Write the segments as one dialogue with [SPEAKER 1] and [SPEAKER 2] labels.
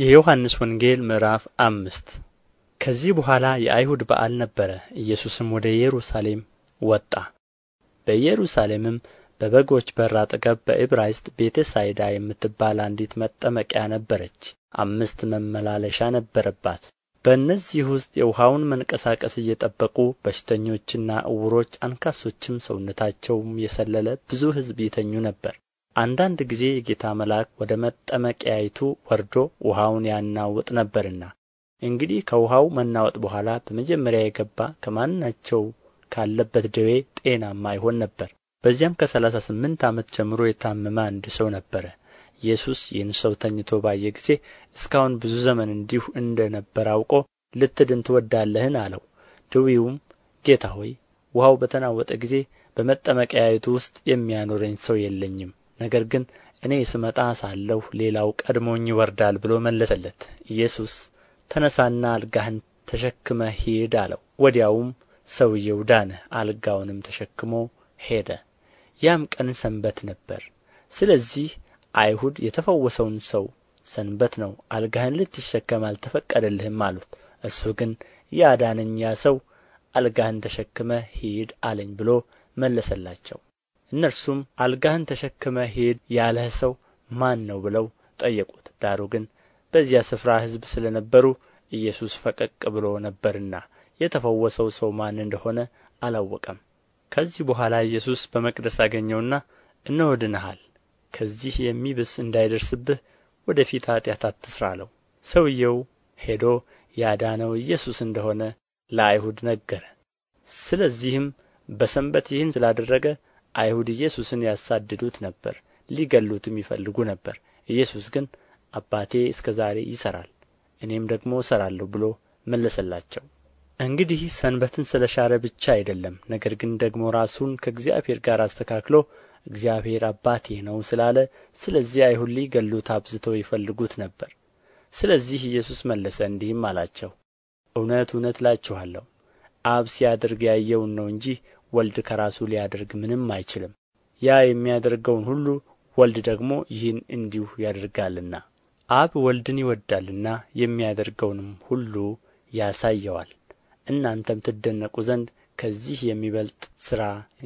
[SPEAKER 1] የዮሐንስ ወንጌል ምዕራፍ አምስት ከዚህ በኋላ የአይሁድ በዓል ነበረ። ኢየሱስም ወደ ኢየሩሳሌም ወጣ። በኢየሩሳሌምም በበጎች በር አጠገብ በዕብራይስጥ ቤተ ሳይዳ የምትባል አንዲት መጠመቂያ ነበረች። አምስት መመላለሻ ነበረባት። በእነዚህ ውስጥ የውሃውን መንቀሳቀስ እየጠበቁ በሽተኞችና ዕውሮች፣ አንካሶችም፣ ሰውነታቸውም የሰለለ ብዙ ሕዝብ ይተኙ ነበር። አንዳንድ ጊዜ የጌታ መልአክ ወደ መጠመቂያይቱ ወርዶ ውኃውን ያናውጥ ነበርና እንግዲህ ከውኃው መናወጥ በኋላ በመጀመሪያ የገባ ከማናቸው ካለበት ደዌ ጤናማ ይሆን ነበር። በዚያም ከሠላሳ ስምንት ዓመት ጀምሮ የታመመ አንድ ሰው ነበረ። ኢየሱስ ይህን ሰው ተኝቶ ባየ ጊዜ እስካሁን ብዙ ዘመን እንዲሁ እንደ ነበር አውቆ ልትድን ትወዳለህን? አለው። ድዊውም ጌታ ሆይ ውኃው በተናወጠ ጊዜ በመጠመቂያይቱ ውስጥ የሚያኖረኝ ሰው የለኝም ነገር ግን እኔ ስመጣ ሳለሁ ሌላው ቀድሞኝ ይወርዳል ብሎ መለሰለት ኢየሱስ ተነሳና አልጋህን ተሸክመ ሂድ አለው ወዲያውም ሰውየው ዳነ አልጋውንም ተሸክሞ ሄደ ያም ቀን ሰንበት ነበር ስለዚህ አይሁድ የተፈወሰውን ሰው ሰንበት ነው አልጋህን ልትሸከም አልተፈቀደልህም አሉት እርሱ ግን ያዳነኝ ያ ሰው አልጋህን ተሸክመ ሂድ አለኝ ብሎ መለሰላቸው እነርሱም አልጋህን ተሸክመ ሄድ ያለህ ሰው ማን ነው ብለው ጠየቁት ዳሩ ግን በዚያ ስፍራ ሕዝብ ስለ ነበሩ ኢየሱስ ፈቀቅ ብሎ ነበርና የተፈወሰው ሰው ማን እንደሆነ አላወቀም ከዚህ በኋላ ኢየሱስ በመቅደስ አገኘውና እነሆ ድነሃል ከዚህ የሚብስ እንዳይደርስብህ ወደ ፊት ኃጢአት አትሥራ አለው ሰውየው ሄዶ ያዳነው ኢየሱስ እንደሆነ ለአይሁድ ነገረ ስለዚህም በሰንበት ይህን ስላደረገ አይሁድ ኢየሱስን ያሳድዱት ነበር ሊገሉትም ይፈልጉ ነበር ኢየሱስ ግን አባቴ እስከ ዛሬ ይሠራል እኔም ደግሞ እሠራለሁ ብሎ መለሰላቸው እንግዲህ ሰንበትን ስለ ሻረ ብቻ አይደለም ነገር ግን ደግሞ ራሱን ከእግዚአብሔር ጋር አስተካክሎ እግዚአብሔር አባቴ ነው ስላለ ስለዚህ አይሁድ ሊገሉት አብዝተው ይፈልጉት ነበር ስለዚህ ኢየሱስ መለሰ እንዲህም አላቸው እውነት እውነት እላችኋለሁ አብ ሲያደርግ ያየውን ነው እንጂ ወልድ ከራሱ ሊያደርግ ምንም አይችልም ያ የሚያደርገውን ሁሉ ወልድ ደግሞ ይህን እንዲሁ ያደርጋልና አብ ወልድን ይወዳልና የሚያደርገውንም ሁሉ ያሳየዋል እናንተም ትደነቁ ዘንድ ከዚህ የሚበልጥ ሥራ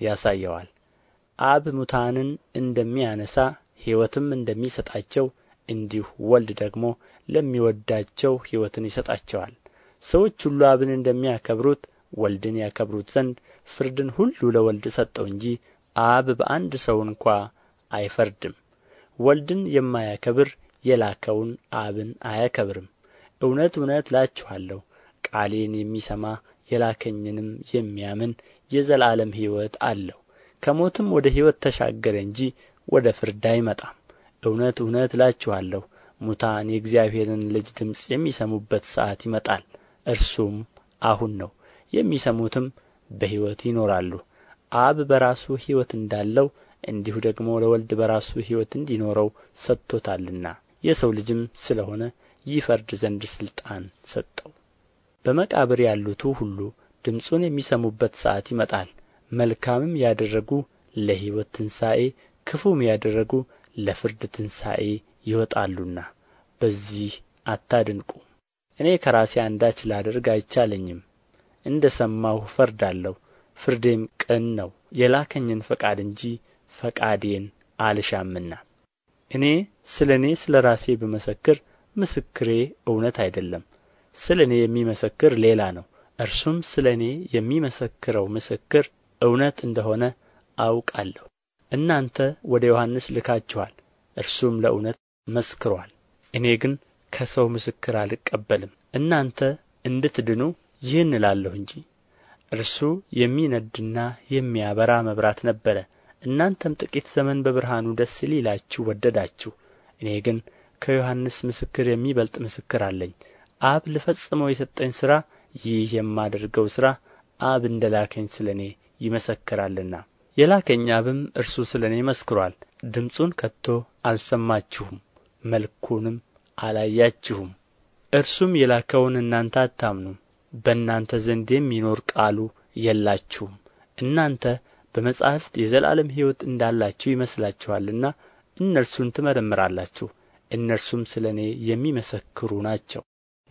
[SPEAKER 1] ያሳየዋል። አብ ሙታንን እንደሚያነሳ ሕይወትም እንደሚሰጣቸው እንዲሁ ወልድ ደግሞ ለሚወዳቸው ሕይወትን ይሰጣቸዋል። ሰዎች ሁሉ አብን እንደሚያከብሩት ወልድን ያከብሩት ዘንድ ፍርድን ሁሉ ለወልድ ሰጠው እንጂ አብ በአንድ ሰው እንኳ አይፈርድም ወልድን የማያከብር የላከውን አብን አያከብርም እውነት እውነት እላችኋለሁ ቃሌን የሚሰማ የላከኝንም የሚያምን የዘላለም ሕይወት አለው ከሞትም ወደ ሕይወት ተሻገረ እንጂ ወደ ፍርድ አይመጣም እውነት እውነት እላችኋለሁ ሙታን የእግዚአብሔርን ልጅ ድምፅ የሚሰሙበት ሰዓት ይመጣል እርሱም አሁን ነው የሚሰሙትም በሕይወት ይኖራሉ አብ በራሱ ሕይወት እንዳለው እንዲሁ ደግሞ ለወልድ በራሱ ሕይወት እንዲኖረው ሰጥቶታልና የሰው ልጅም ስለ ሆነ ይፈርድ ዘንድ ሥልጣን ሰጠው በመቃብር ያሉቱ ሁሉ ድምፁን የሚሰሙበት ሰዓት ይመጣል መልካምም ያደረጉ ለሕይወት ትንሣኤ ክፉም ያደረጉ ለፍርድ ትንሣኤ ይወጣሉና በዚህ አታድንቁ እኔ ከራሴ አንዳች ላደርግ አይቻለኝም እንደ ሰማሁ ፈርዳለሁ፣ ፍርዴም ቅን ነው የላከኝን ፈቃድ እንጂ ፈቃዴን አልሻምና እኔ ስለ እኔ ስለ ራሴ ብመሰክር ምስክሬ እውነት አይደለም ስለ እኔ የሚመሰክር ሌላ ነው እርሱም ስለ እኔ የሚመሰክረው ምስክር እውነት እንደሆነ አውቃለሁ እናንተ ወደ ዮሐንስ ልካችኋል እርሱም ለእውነት መስክሯል። እኔ ግን ከሰው ምስክር አልቀበልም እናንተ እንድትድኑ ይህን እላለሁ እንጂ እርሱ የሚነድና የሚያበራ መብራት ነበረ እናንተም ጥቂት ዘመን በብርሃኑ ደስ ሊላችሁ ወደዳችሁ እኔ ግን ከዮሐንስ ምስክር የሚበልጥ ምስክር አለኝ አብ ልፈጽመው የሰጠኝ ሥራ ይህ የማደርገው ሥራ አብ እንደ ላከኝ ስለ እኔ ይመሰክራልና የላከኝ አብም እርሱ ስለ እኔ መስክሯል። ድምፁን ከቶ አልሰማችሁም፣ መልኩንም አላያችሁም። እርሱም የላከውን እናንተ አታምኑም። በእናንተ ዘንድ የሚኖር ቃሉ የላችሁም እናንተ በመጻሕፍት የዘላለም ሕይወት እንዳላችሁ ይመስላችኋልና እነርሱን ትመረምራላችሁ እነርሱም ስለ እኔ የሚመሰክሩ ናቸው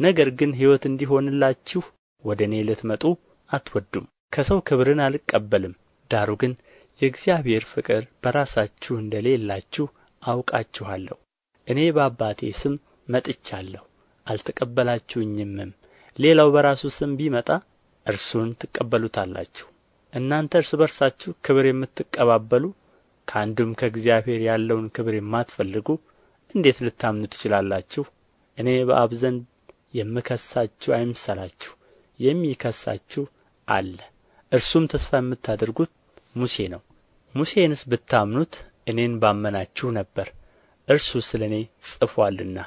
[SPEAKER 1] ነገር ግን ሕይወት እንዲሆንላችሁ ወደ እኔ ልትመጡ አትወዱም ከሰው ክብርን አልቀበልም ዳሩ ግን የእግዚአብሔር ፍቅር በራሳችሁ እንደሌላችሁ አውቃችኋለሁ እኔ በአባቴ ስም መጥቻለሁ አልተቀበላችሁኝምም ሌላው በራሱ ስም ቢመጣ እርሱን ትቀበሉታላችሁ። እናንተ እርስ በርሳችሁ ክብር የምትቀባበሉ ከአንዱም ከእግዚአብሔር ያለውን ክብር የማትፈልጉ እንዴት ልታምኑ ትችላላችሁ? እኔ በአብ ዘንድ የምከሳችሁ አይምሰላችሁ፣ የሚከሳችሁ አለ። እርሱም ተስፋ የምታደርጉት ሙሴ ነው። ሙሴንስ ብታምኑት እኔን ባመናችሁ ነበር፣ እርሱ ስለ እኔ ጽፏልና።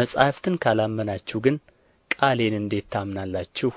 [SPEAKER 1] መጻሕፍትን ካላመናችሁ ግን ቃሌን እንዴት ታምናላችሁ